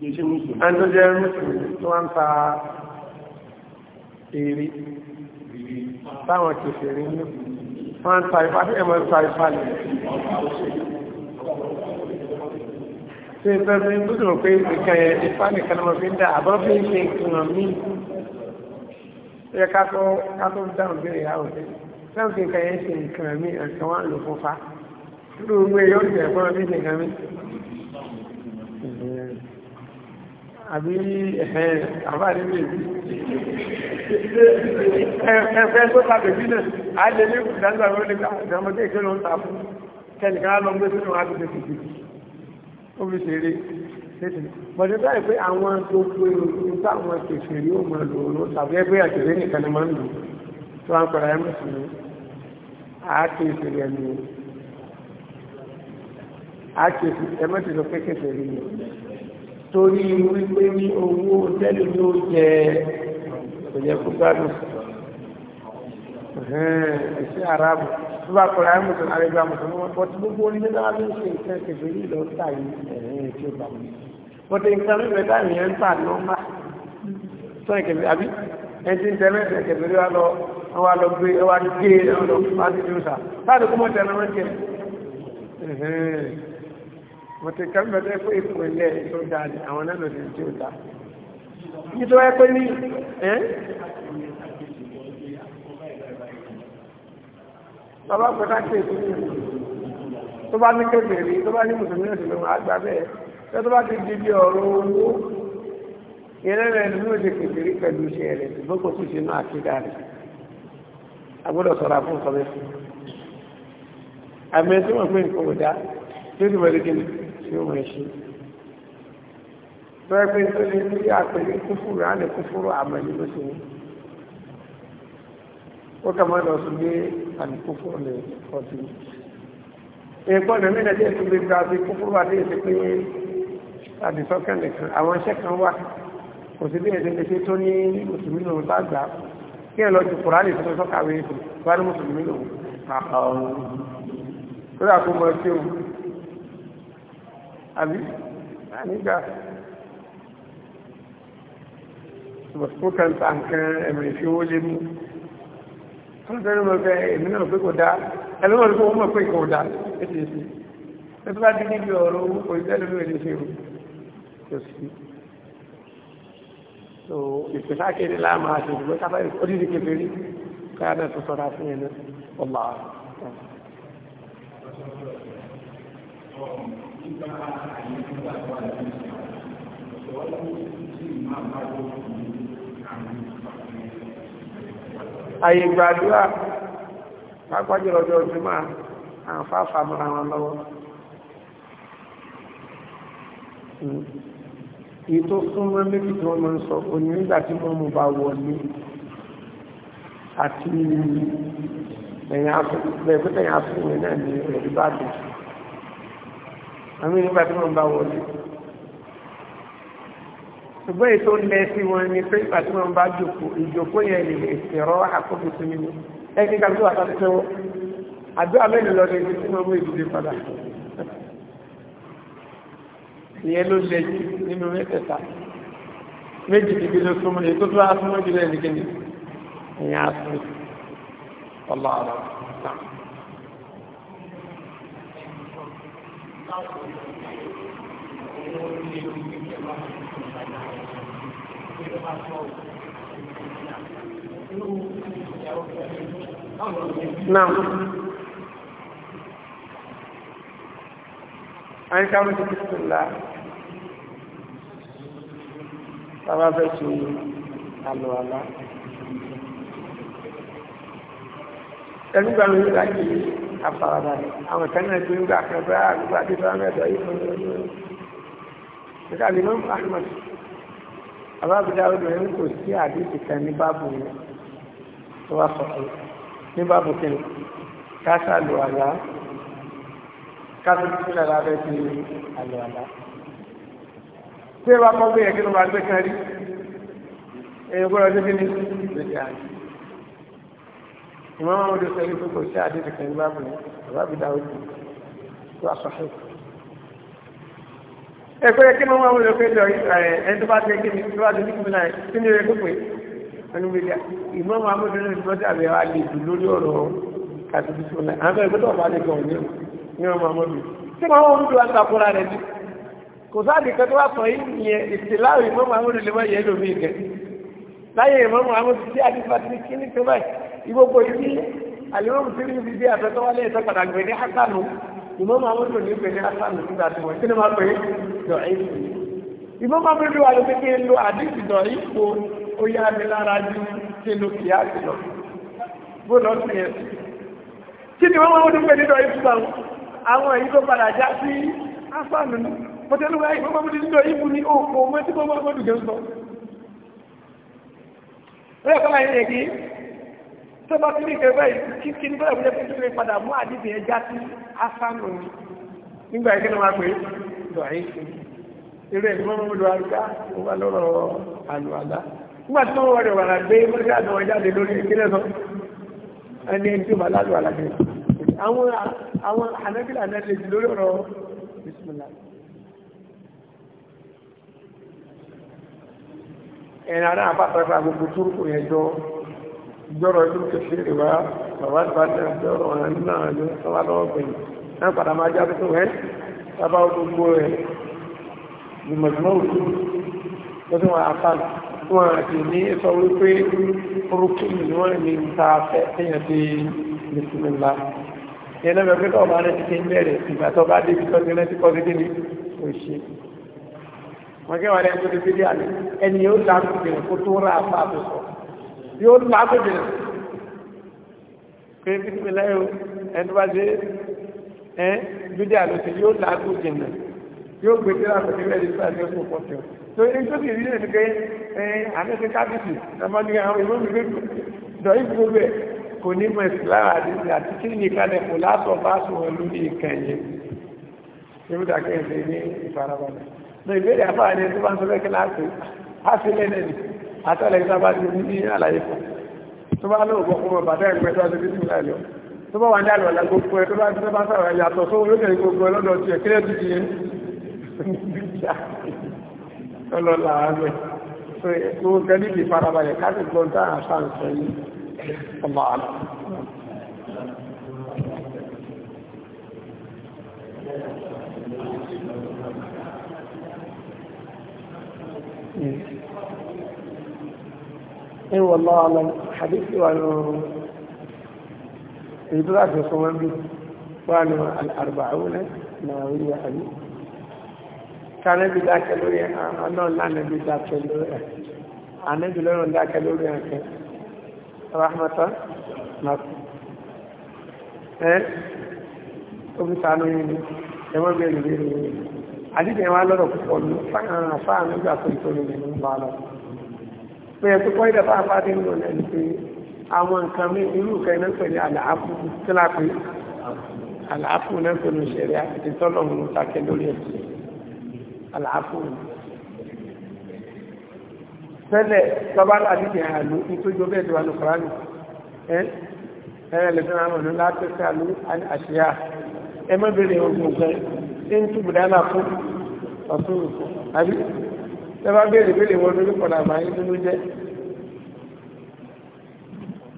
ẹni tó jẹ́ mùsùlùmí tó wá ń ta èrè táwọn kèfèrè ní wọ́n ń ta ipá tí ẹmọ ìta ipá lè ṣe ìfẹ́fẹ́ tó dùn pé nǹkan yẹn ipá nìkan ló fi ń dá àbọ̀ fi ń ṣe ìkùnà míì ó yẹ nǹkan yẹn ṣe ìkùnà lò fún fa nínú gbogbo èèyàn ìṣẹ̀gbọ́n ní ìṣẹ̀gbọ́n mi àbí ẹ̀fẹ́ àbáàrí méjì ẹ̀fẹ́ tó tàbí náà a lè ní ìdájọ́ àwọn olùgbàmọ́dé ìṣẹ́ ló ń ta fún kẹ́nìkan lọ gbé sínú àdúgbò tìtì ó fi ṣeré títì bọ̀dé báyìí pé àwọn tó pé ohun táwọn kèfè rí ó máa lò ó tàbí ẹgbẹ́ àtẹ̀rẹ́ nìkan a kì í ṣeré ẹni a kì torí wípé ní owó tẹ́lẹ̀ ní ó jẹ òjẹ́ kó gbádùn ẹ̀sẹ̀ arábù tó bá kọ̀ọ̀rọ̀ ayé mùsùlùmí àrẹ́gbà mùsùlùmí wọn bọ́tí gbogbo oní nígbà wọn ṣe ìfẹ́ kẹfẹ́ yìí lọ tà yìí ẹ̀rẹ́ tí ó bá wọn bọ́tí nǹkan mẹ́fẹ́ táyì yẹn ń tà nọ́mbà tó ìkẹfẹ́ àbí ẹni tí ń tẹ́lẹ̀ ẹ̀sẹ̀ kẹfẹ́ rí wa lọ wa lọ gbé wa gé ẹ̀ lọ wá sí ìdúró mọ̀tò kan bẹ̀rẹ̀ pé ìpínlẹ̀ tó dáa ní àwọn náà lòdì tí ó dáa nítorí pé ní ẹ́ bàbá pẹ̀lú àti ìpínlẹ̀ tó bá ní kébèrè tó bá ní mùsùlùmí òsì lòun àgbà bẹ́ẹ̀ tó tó bá ti di bí ọ̀rọ̀ owó ìrẹ́ rẹ̀ ló ń ṣe kébèrè pẹ̀lú iṣẹ́ rẹ̀ ṣùgbọ́n kò tún ṣe náà àkídà rẹ̀ agbọ́dọ̀ sọ̀rọ̀ àfún sọ́mẹ́sì àmì ẹ̀sìn wọn pé nǹkan ò dá tó ti wọlé kéde tí ó mọ̀ ṣe bẹ́ẹ̀ pé tó lè ní àpèlé kúfùrù á lè kúfùrù àmàlì ló ṣe ní ó kà máa lọ sí gbé àlùkúfùrù lè kọtí èèpọ̀ náà mí nàdí ètò gbégbá sí kúfùrù àti ètò pé àdìsọ́kẹ́ nìkan àwọn iṣẹ́ kan wà kò sí bí ẹ̀sẹ̀ lè tó ní mùsùlùmí lòun bá gbà kí ẹ lọ ju kùránì tó sọ́kàwé ètò bá ní mùsùlùmí lòun àbí ànígbà mọ̀síkókàntà nǹkan ẹ̀mẹ̀rẹ̀ fi owó lé mú ọlọ́pẹ́rẹ́ mọ̀ pé èmi náà pé kò dáa ẹlọ́wọ́n tó wọ́n mọ̀ pé kò dáa ètò so ìpèsákèrè láàmà àti ìdìbò sábà oríṣi kékeré káyà náà tó sọ́ra fún yẹn nípa àyè nígbà tó wà ní ìgbà tó wà ní sí máa bá tó kù ní àwọn àyè gbàdúrà pápájọ lọ́jọ́ ojúmọ́ àwọn fáfà mọ́ra wọn lọ́wọ́ hmm. èyí súnmọ́ méjì tí wọ́n mọ́ ń sọ òní nígbà tí wọ́n mú bá wọlé àti ẹ̀yìn afúnwẹ̀ náà ní ẹ̀rí bá dùn àmì nígbà tí wọ́n bá wọlé ṣùgbọ́n ètò lẹ sí wọn ni pé nígbà tí wọ́n bá jòkó ìjòkó yẹn lè ìṣẹ̀rọ àkókò sí mi ẹni ká tó àtàkùn tẹ́wọ́ àdúrà mẹ́rin lọ́dẹ ibi tí wọ́n mú ìdílé padà ìyẹn ló lẹ jù nínú mẹ́tẹ̀ẹ̀ta méjì níbi ló súnmọ́ ètò tó á súnmọ́ jùlọ ẹnìkejì ìyẹn á sùn ọlọ́ọ̀rọ̀ Now, àyí ká mú títí tó lá tàbá fẹ́ ṣe àlọ́àlá ẹgbẹ́gbàmí láti afárabalẹ̀ àwọn kan náà tó ń gbà kan bá àgbà ah, àti fámẹ́tọ̀ yìí fún mi nígbà tí wọ́n fà mọ̀ abábídá obìnrin kò sí àdéhùn kan ní báàbù yẹn tó wá sọ pé ní báàbù kí ni káṣá lò àlá lára rẹ̀ ti àlò àlá tí ẹ bá kọ́ bí yẹn ló máa gbé kan rí èyí gbọ́dọ̀ tó kí ni lójú àná ìmọ̀ wọn ló sọ wípé kò sí àdéhùn kan bá bù ní bàbá bìdá òjò tó àṣọṣe. ẹ kó yẹ kí wọn wọn lọ pé lọ ẹni tó bá ti kí ni tó bá ti ní kí mi náà kí ni ẹ gbogbo ẹni mi lẹ ìmọ̀ wọn amúdé náà ti bọ́sẹ̀ àbẹ̀ wa lè dùn lórí ọ̀rọ̀ kàtúntì tó náà àwọn ìgbésẹ̀ ìgbogbo ìdí àlewọ́n mùsùlùmí ti di àfẹ́tọ́wálé ẹ̀sẹ̀ padà gbé ní hasanu ìmọ̀ máa wọ́n lò ní gbé ní hasanu nígbà tí wọ́n sínú máa pè é dọ̀ẹ́ ìfò ìmọ̀ máa fi lu àlọ́ kékeré lo àdìsí dọ̀ẹ́ ìfò ó yá mi lára ju kí lo kìí àti lọ bó lọ sí ẹ kí ni wọ́n máa wọ́n gbé ní dọ̀ẹ́ ìfò àwọn èyí tó padà já sí hasanu pọtẹ́lúwà ìmọ̀ máa wọ́n ti dọ̀ẹ́ ìfò ní tó bá kí ní ìkẹ́ báyìí kí kí ní bẹ́ẹ̀ wọlé fún ìdílé padà mú àdìbì ẹ̀ já sí asánù nígbà yìí kí ni wọ́n á pè é dọ̀yìn irú ẹ̀ mọ́ mọ́ lọ́wọ́ àrùká ó wà lọ́rọ̀ àlùwàlá nígbà tí wọ́n wọlé wàrà gbé mọ́tí àdánwò jáde lórí ìpínlẹ̀ sọ ẹni ẹni tí ó bá lálùwàlá gbé àwọn àwọn ànábìlà náà lórí ọ̀rọ̀ bisimilá ẹ̀rọ àpapọ̀ gbogbo túrúkù yẹn jọ gbọ́rọ̀ ìlú kẹfìrì wá bàbá bá jẹ́ gbọ́rọ̀ ọ̀rẹ́ náà ló ń sọ́wọ́ lọ́wọ́ gbẹ̀yìn náà padà máa jáde tó rẹ̀ sábà gbogbo rẹ̀ ìmọ̀jùmọ̀ òtún lọ́sùn wọn àfàn tí wọ́n ti ní sọ wípé orúkú ni wọ́n ní ta fẹ́ kéèyàn ti bisimilá yẹn náà bẹ̀rẹ̀ tó bá rẹ̀ ti ké ń bẹ̀rẹ̀ ìgbà tó bá dé ibi tó ti kọ́ sí kí ni wọ́n kẹ́wàá rẹ̀ tó ti fi dí àná ẹni yóò dá kùkẹ́ tó rà fáàbù sọ̀rọ̀ yóò lágbègbè pé bísímìlá yóò ẹni bá ṣe ẹ bídí àlùsí yóò lágbègbè náà yóò gbé tí láti fi rẹ́ẹ̀dì sí àti ẹ̀kọ́ pọ̀tẹ́ o tó ní tó sì rí lè pé ẹ àmẹ́sẹ̀ kábíyèsí ẹ̀mọ́ni àwọn ìwé mi gbé dọ̀yìn gbogbo ẹ̀ kò ní mọ̀ ẹ̀sìn lára àdìsí àti kí ní ìkàlẹ̀ kò lásọ̀ bá sùn wọn lórí ìkànnì ìrúdà kẹ́hìndé ní ìfarabalẹ̀. ìbéèrè àfáà ni tó bá ń sọ bẹ́ẹ̀ kí láti á sí lẹ́nẹ̀ẹ́ àtàlẹ̀ ìta bá ti ní àlàyé fún tó bá lóògbọ́ fún ọba tẹ́ ìpẹ́ tó ti bí sí ìlàlẹ̀ tó bá wà ní àlọ́ ọ̀la gbogbo ẹ tó bá ti bá sọ̀rọ̀ yàtọ̀ sówó ló tẹ̀lé gbogbo ẹ lọ́dọ̀ tiẹ̀ kílẹ̀ ìfarabalẹ̀ káàkiri gbọ́ntà àṣà ìsọ̀yìn ọmọ àlọ́ إيه والله أعلم حديثي وأنه يدرس في صوم به وأنا الأربعون ناوية أبي كان يبي ذاك لوري أنا لا نبي ذاك لوري أنا بلون ذاك لوري أنك رحمة نصر إيه وفي ثانوي ẹ̀wọ́n bẹ̀rẹ̀ bẹ̀rẹ̀ àdídẹ̀ wọn lọ́rọ̀ púpọ̀ ní fáànù nígbà tó ń tó lè nínú bá lọ́rọ̀ pé ẹtú kọ́ ìdẹ̀fà àpáàdé ńlò lẹ́nu pé àwọn nǹkan mi irú nǹkan iná pẹ̀lú àlàáfù kíláàpù àlàáfù náà pẹ̀lú ìṣẹ̀rí àti tọ́lọ̀ mú sákẹ́ lórí ẹ̀sìn àlàáfù. tẹ́lẹ̀ bàbá láti jẹ́ àlù nítorí ọbẹ̀ ìdíwà ní kọ́ránì ẹ́ ẹ̀rẹ́ lè fẹ́ràn àwọn ọ̀nà láti fẹ́ àlù àṣìyá ẹ má bèrè ogun gan ẹ ń túbù dáná fún wọn lórí pọ̀lá àbáyé nínú jẹ́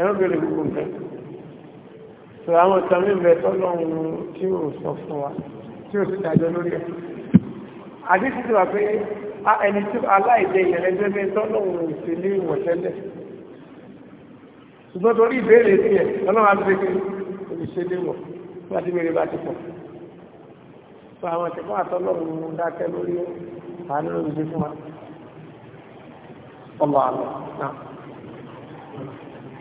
ẹ̀rọ bèrè gbogbo nǹkan tó àwọn ìtàn mi bẹ tọ́lọ́run tí ò sọ fún wa tí ò sì dájọ́ lórí ẹ̀ àdísì ti wà pé ẹni tí aláìdẹ ìyẹ̀lẹ́gbẹ́ bẹ tọ́lọ́run sì ní ìwọ̀tẹ́lẹ̀ ṣùgbọ́n torí ìbéèrè sí ẹ̀ ọlọ́run àgbẹ̀gbẹ̀ olùṣèléwọ̀ láti mèrè bá ti pọ̀ fún àwọn ìtẹ̀kọ́ àtọ́lọ́run dákẹ́ lórí àánú lórí fún wa ọlọ́ àlọ́ náà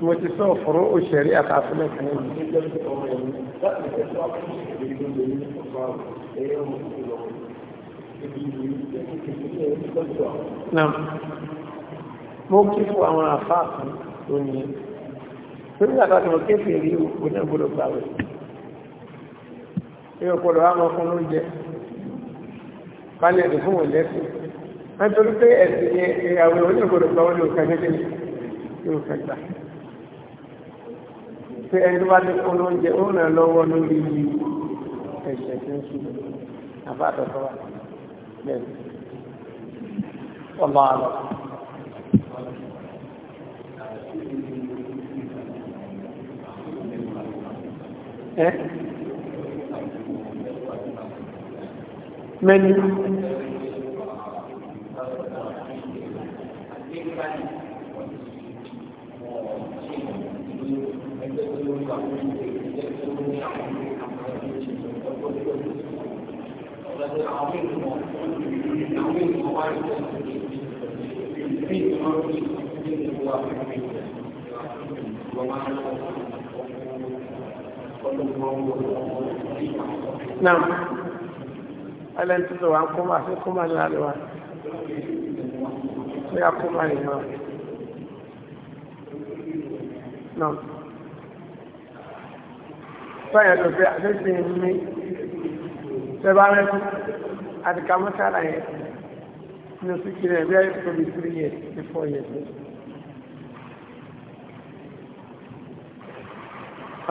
mo ti sọ fọ̀rọ̀ òṣèré àtàfilẹ̀ kan náà mo kí fún àwọn àfáà kan tó ní torí àtàkùn kéfì rí òkú náà gbọdọ̀ gbàwẹ̀ ní ọ̀pọ̀lọpọ̀ àwọn ọkùnrin oúnjẹ kálẹ̀ ẹ̀dùn fún òun lẹ́sìn nítorí pé ẹ̀sìn ìyàwó onígbòdò gbọ́ ní òkè gẹ́gẹ́ ní òkè gbà pé ẹni tó bá ti fún oúnjẹ ó ràn lọ́wọ́ lórí ẹ̀sẹ̀ tí ń sùn àbáàdọ̀ wà bẹ́ẹ̀ ọmọ balẹ̀ ẹgbẹ́ tó ló ń bá wọn ṣe ẹgbẹ́ pé a kó máa nìyàn náà báyọ̀ ló pé àtẹ́sí mi tẹ́bá rẹ́kú àti kàmọ́sára yẹn ní oṣù kìlẹ̀ bí ayé tó bí three years to four years.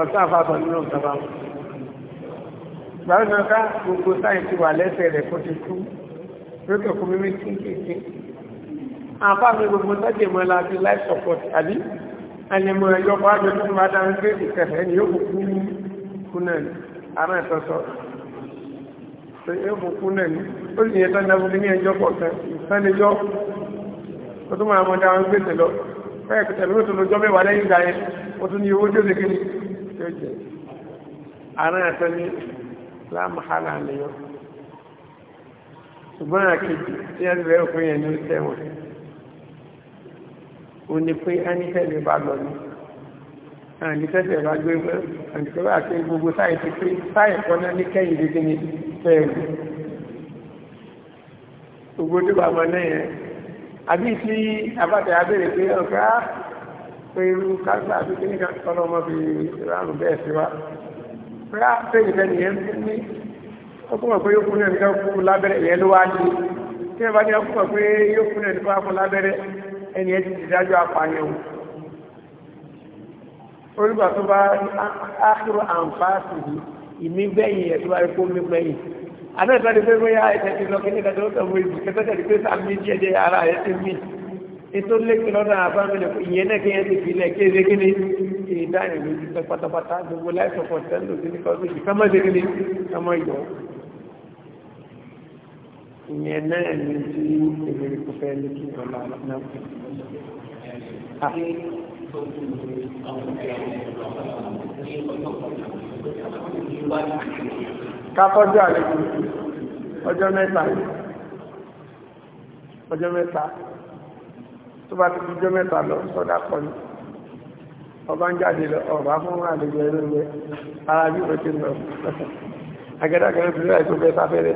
ọ̀sán àfàbọ̀ nínú ìjọba gbàrúgbà ká gbogbo sáyẹ̀ntì wà lẹ́sẹ̀ rẹ̀ kó ti kú lókè kú mímí kíkèké àǹfààní gbogbo sọ́jẹ̀ mọ́ la fi life support àbí àyẹ̀mọ̀ ẹ̀yọ́ pàájọ tó máa dá ń gbé ìkẹfẹ́ ni yóò kú kú náà ni ara ẹ̀tọ́sọ́ yóò kú náà ni ó sì yẹ tán dábò ní ẹjọ́ pọ̀ kan sánijọ́ ó tún máa mọ́ dá ń gbé tẹ̀lọ fẹ́ẹ̀ pẹ̀tẹ̀ ló tó lójọ́ mẹ́wàá lẹ́yìn ìgbà yẹn ó tún ní owó tó lékè ní yóò jẹ ara ẹ̀tọ́ ni láàmùhálà nìyọ ṣùgbọ́n àkejì tí ẹ ti rẹ̀ òpin yẹn ní tẹ̀wọ̀n ó ní pé ẹnikẹ́ni bá lọ ní ẹnikẹ́sẹ̀ bá gbé pẹ́ ẹnikẹ́sẹ̀ bá pé gbogbo sáyẹ̀ ti pé sáyẹ̀ kan náà ní kẹ́yìn dídí ní fẹ́ẹ̀rù gbogbo tó bá mọ náà yẹn àbí tí abájá abẹ́rẹ́ pé ọ̀gá pé irú kágbà àbí kí ní kan ọmọ fi ránù bẹ́ẹ̀ sí wa rá pẹ́yìn fẹ́ni yẹn ní ọkùn mọ̀ pé yóò fún ẹnìkan kú lábẹ́rẹ́ yẹn ló wá ní tí ẹ bá ní ọkùn mọ̀ pé yóò fún ẹnìkan kú lábẹ́rẹ́ ẹni ẹ ti ti dájọ́ apani o olùgbà tó bá ákúrò àǹfààsì yìí ìmígbẹ̀yìn ẹ̀ tó bá rí kó mígbẹ̀yìn àbẹ́ẹ̀tọ́ ni pé bóyá ẹ̀tẹ́ ti lọ kíní kẹta ó tẹ̀ mú ìbù kẹtẹ́tẹ́ ni pé sáà méjì ẹ̀jẹ̀ ara ẹ̀ ti mí ètò lékè lọ́dọ̀ àbámẹ́lẹ̀ ìyẹn náà kí ẹ̀ ti fi kéde kíní ìdánilójú pẹ́ pátápátá gbogbo láìsọ̀kọ̀ tẹ́lẹ̀ òsì ní kọ́ọ̀sì ìyẹn náà ní tí èmi rí kò fẹ́ ní kí ọ̀la ah. náà pè. Kákọ́jọ́ àlejò ọjọ́ mẹ́ta ọjọ́ mẹ́ta tó bá ti fi ọjọ́ mẹ́ta lọ sọ́dá kọ́ ni ọba ń jáde lọ ọba fún àlejò ẹlẹ́gbẹ́ ara bí ó ti lọ agẹ́dàgẹ́rẹ́ fi rẹ̀ tó bẹ́ sáfẹ́rẹ́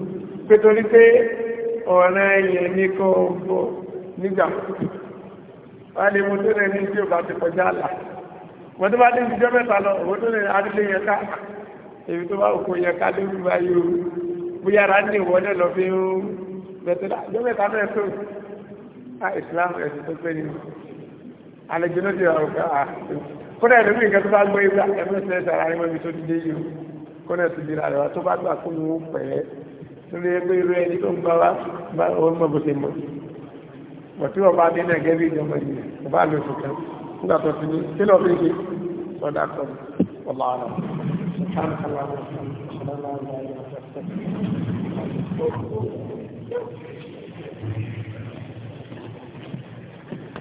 pé torí pé ọ̀rẹ́ ẹ̀yìn ní kó gbọ́ nígbà wà lè mú tó rẹ̀ ní tí ò bá ti kọjá àlà wọ́n tó bá dé ìjọ mẹ́ta lọ òun tó rẹ̀ adílé yẹn ká èyí tó bá òkú yẹn ká ló wíwá yìí o bóyá ara ní ìwọlé lọ fi ń bẹ̀tẹ̀lá ìjọ mẹ́ta náà tó a ìsìlámù ẹ̀sìn tó pé ni àlejò ló ti rà òkú à kódà ìlú mi nǹkan tó bá gbé ìgbà ẹ̀mí ìṣẹ̀lẹ̀ sàrà ẹ̀mí tó dé yìí kódà ìtòjì torí ẹgbẹ́ irú ẹni tó ń gba wá bá òun mọ̀ bó ṣe mọ̀ mọ̀ tí wọ́n bá dé náà gẹ́gẹ́ bí ìjọba yìí kò bá lò kan nígbà tó ti ní kí lọ́ọ́ fi ṣe sọ́dà kan ọ̀la ara Thank you.